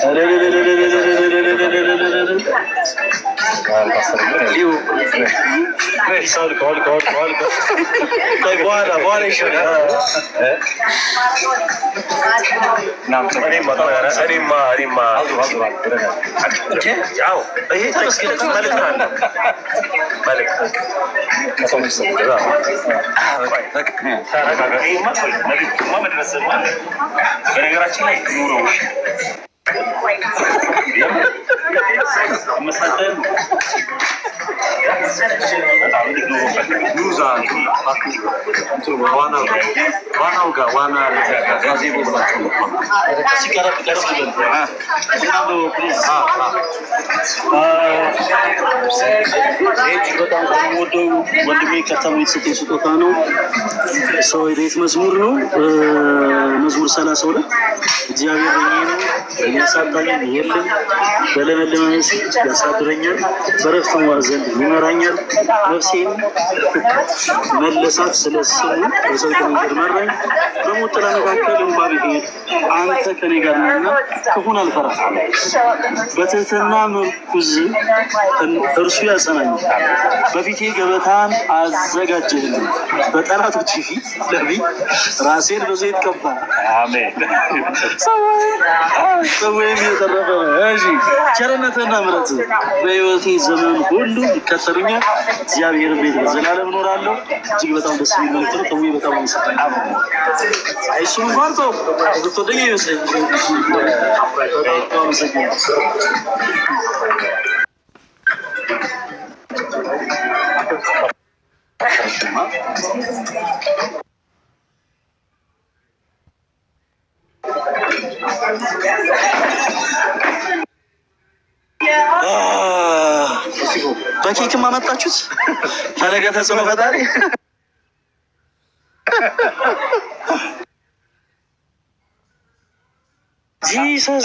በነገራችን ላይ ኑሮ መሳጠን ነው። ዋናው ጋር ወንድሜ ከተማ የተሰጠኝ ስጦታ ነው። ሰው ቤት መዝሙር ነው። መዝሙር ሰላሳ ሁለት እግዚአብሔር ነው የሚያሳጣኝ የለም፣ በለመለመ ያሳድረኛል፣ በረፍት ዘንድ ይመራኛል ነፍሴን መለሳት ስለ ስሙ በስንት መንገድ መራኝ በሞት ጥላ መካከል እንባ ብሄድ አንተ ከኔ ጋር ነህና ክፉን አልፈራ። በትህትና ምርኩዝ እርሱ ያጸናኛል። በፊቴ ገበታን አዘጋጀህልኝ፣ በጠላቶች ፊት ለፊት ራሴን በዘይት ቀባ። ሰወይም የተረፈ ቸርነትና ምረት በህይወቴ ዘመን ሁሉ ይከተሉኛል። እግዚአብሔር ቤት ዘላለም እኖራለሁ። እጅግ በጣም ደስ የሚመለክት ነው። በጣም music. በኬክ ማመጣችሁት ታደጋ ተጽዕኖ ፈጣሪ ጂሰስ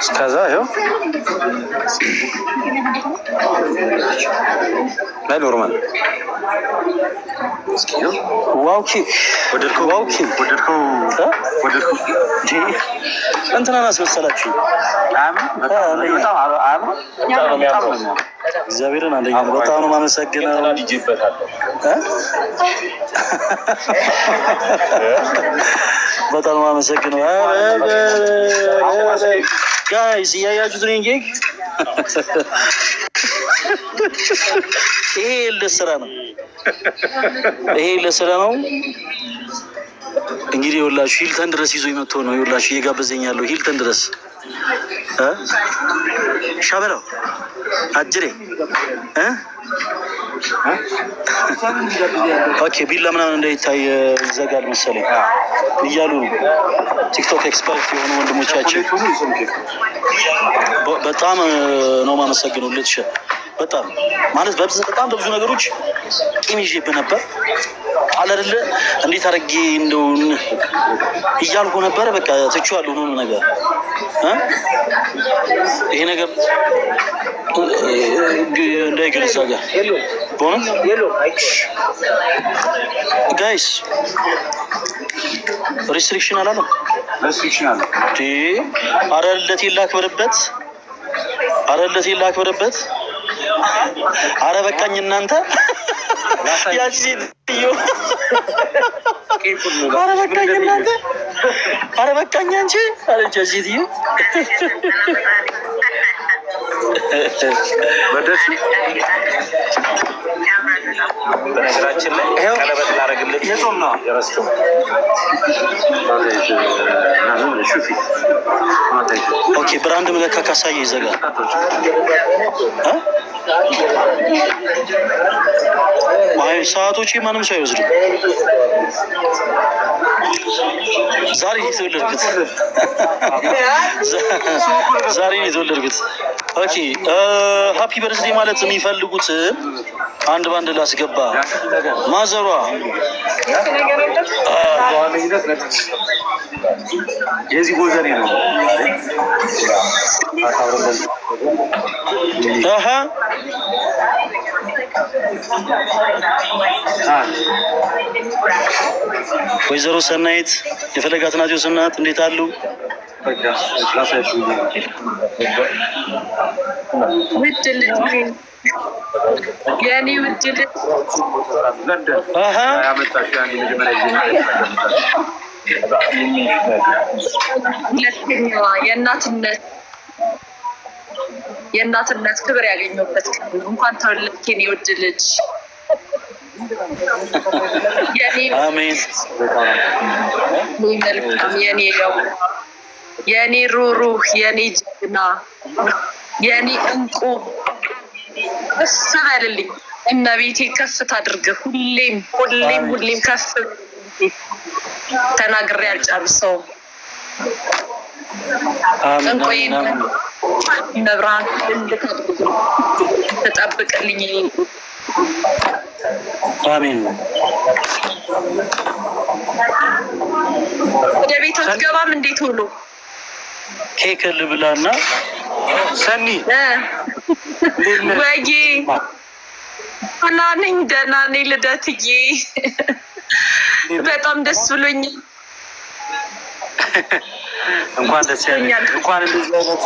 እስከዛ ይኸው ላይ ኖርማል እንትናን አስመሰላችሁ። እግዚአብሔርን አንደኛ ነው። በጣም ነው ማመሰግነው። በጣም ነው የማመሰግነው። ጋይስ እያያችሁት ነው እንጂ ይሄ ስራ ነው። ይሄ ስራ ነው። እንግዲህ ይኸውላችሁ ሂልተን ድረስ ይዞ መጥቶ ነው ይኸውላችሁ እየጋበዘኝ ያለው ሂልተን ድረስ ሻበላው አጅሬ ኦኬ ቢላ ምናምን እንዳይታይ ይዘጋል መሰለኝ እያሉ ቲክቶክ ኤክስፐርት የሆኑ ወንድሞቻችን በጣም ነው ማመሰግነው። ልትሸ በጣም ማለት በጣም በብዙ ነገሮች ቂም ይዤብህ ነበር። አለ አይደለ እንዴት አድርጌ እንደውን እያልኩ ነበረ። በቃ ትቼዋለሁ ሁሉ ነገር ይሄ ነገር እንዳይገለጻ ጋር በእውነት ጋይስ ሪስትሪክሽን አላለም። አረ ለቴን ላክብርበት፣ አረ ለቴን ላክብርበት። አረ በቃኝ እናንተ ያቺ ሴትዮ ኧረ በቃኝ እናንተ፣ ኧረ በቃኝ አንቺ አለች ሴትዮ። በነገራችን ብራንድ መለካ ካሳየ ይዘጋል። ሰዓቶች ማንም ሰው አይወስድም። ዛሬ የተወለድኩት ዛሬ የተወለድኩት። ኦኬ ሀፒ በርዝዴ ማለት የሚፈልጉት አንድ ባንድ ላስገባ ማዘሯ የዚህ ጎዘኔ ነው። ወይዘሮ ሰናይት የፈለገ አትናቴዎስ እናት እንዴት አሉ? ሁለተኛዋ የእናትነት የእናትነት ክብር ያገኘበት ክብር እንኳን ተወለድኬን የወድ ልጅ መልካም የኔ ነው የኔ ሩሩህ የኔ ጀግና የኔ እንቁ ደስ በልልኝ እመቤቴ ከፍ ታድርግ። ሁሌም ሁሌም ሁሌም ከፍ ተናግሬ አልጨርሰውም። እንቆይን መብራን ልታድጉ ተጠብቅልኝ። አሜን። ወደ ቤት አትገባም? እንዴት ሆኖ ኬክ ልብላና ሰኒ ወይ ደህና ነኝ፣ ደህና ነኝ ልደትዬ፣ በጣም ደስ ብሎኛል። እንኳን ደስ ያለሽ፣ እንኳን እንደዚህ አይነት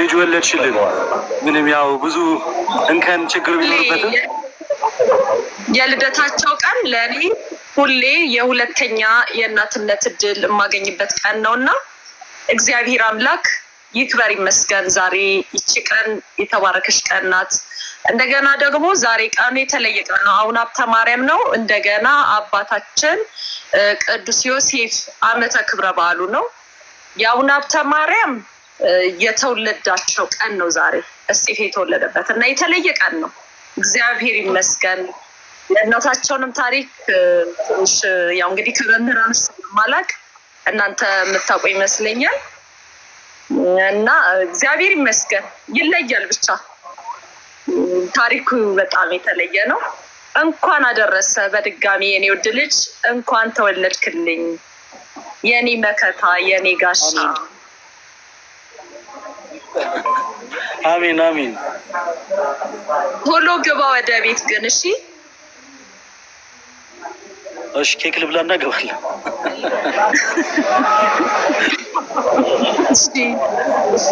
ልጅ ወለድሽልን። ምንም ያው ብዙ እንከን ችግር ቢኖርበትም የልደታቸው ቀን ለእኔ ሁሌ የሁለተኛ የእናትነት እድል የማገኝበት ቀን ነው እና እግዚአብሔር አምላክ ይክበር ይመስገን። ዛሬ ይቺ ቀን የተባረከች ቀን ናት። እንደገና ደግሞ ዛሬ ቀኑ የተለየ ቀን ነው። አሁን ሀብተ ማርያም ነው። እንደገና አባታችን ቅዱስ ዮሴፍ ዓመተ ክብረ በዓሉ ነው። የአቡነ ሀብተ ማርያም የተወለዳቸው ቀን ነው ዛሬ እስጢፌ የተወለደበት እና የተለየ ቀን ነው። እግዚአብሔር ይመስገን። የእናታቸውንም ታሪክ ትንሽ ያው እንግዲህ ከመምህራን ስለማላቅ እናንተ የምታውቁ ይመስለኛል እና እግዚአብሔር ይመስገን ይለያል። ብቻ ታሪኩ በጣም የተለየ ነው። እንኳን አደረሰ በድጋሚ የኔ ውድ ልጅ እንኳን ተወለድክልኝ። የኔ መከታ የኔ ጋሻ አሚን አሚን ቶሎ ግባ ወደ ቤት ግን እሺ። እሺ ኬክ ልብላ እና እገባለሁ። እሺ